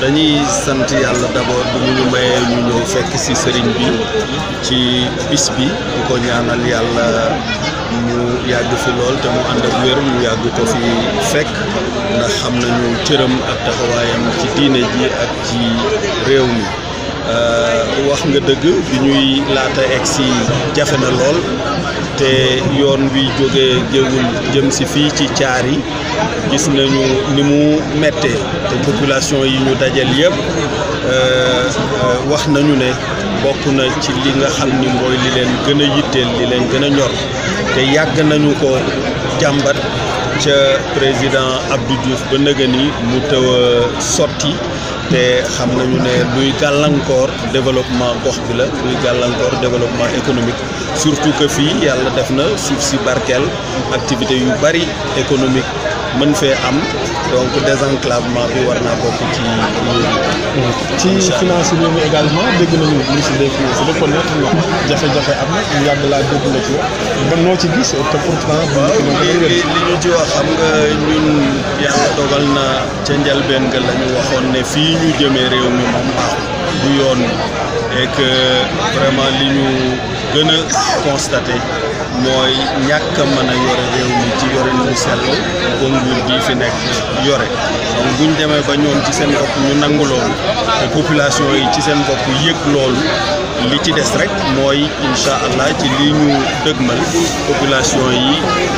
dañuy sant yàlla d'abord bu ñu mayee ñu ñëw fekk ci sëriñ bi ci bis bi di ko ñaanal yàlla mu yàgg fi lool te mu ànd ak mu yàgg ko fi fekk ndax xam nañu cëram ak taxawaayam ci diine ji ak ci réew mi euh, wax nga dëgg bi ñuy laata egg si jafe na lool diggante yoon wi jógee géewul jëm si fii ci caar yi gis nañu ni mu mettee te population yi ñu dajal yëpp euh, wax nañu ne bokk na ci li nga xam ni mooy li leen gën a yitteel li leen gën a ñor te yàgg nañu ko jàmbat ca président Abdou Diouf ba nëga ni mu tëw a sotti te xam nañu ne luy gàllankoor développement gox bi la luy gàllankoor développement économique surtout que fii yàlla def na suuf si barkeel activité yu bari économique mën fee am donc désenclavement bi war naa bokk ci ci finance bi également dégg nañu ministre des finances dafa nekk jafe-jafe am na yàgg laa dégg na ci ba noo ci gis te pourtant li ñu ci wax xam nga ñun dogal na ca njalbeen ga la waxoon ne fii ñu jëmee réew mi moom baaxul du yoon et vraiment li ñu gën a constaté mooy ñàkk a mën a yore réew mi ci yore nu sell ko nguur fi nekk yore donc buñ demee ba ñoom ci seen bopp ñu nangu loolu te population yi ci seen bopp yëg loolu li ci des rek mooy incha allah ci li ñu dëgmal population yi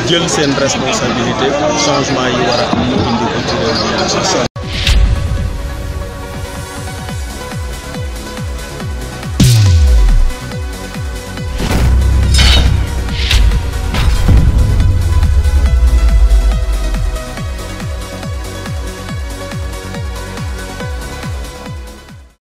jël seen responsabilité changement yi war a am mu ko ci réew mi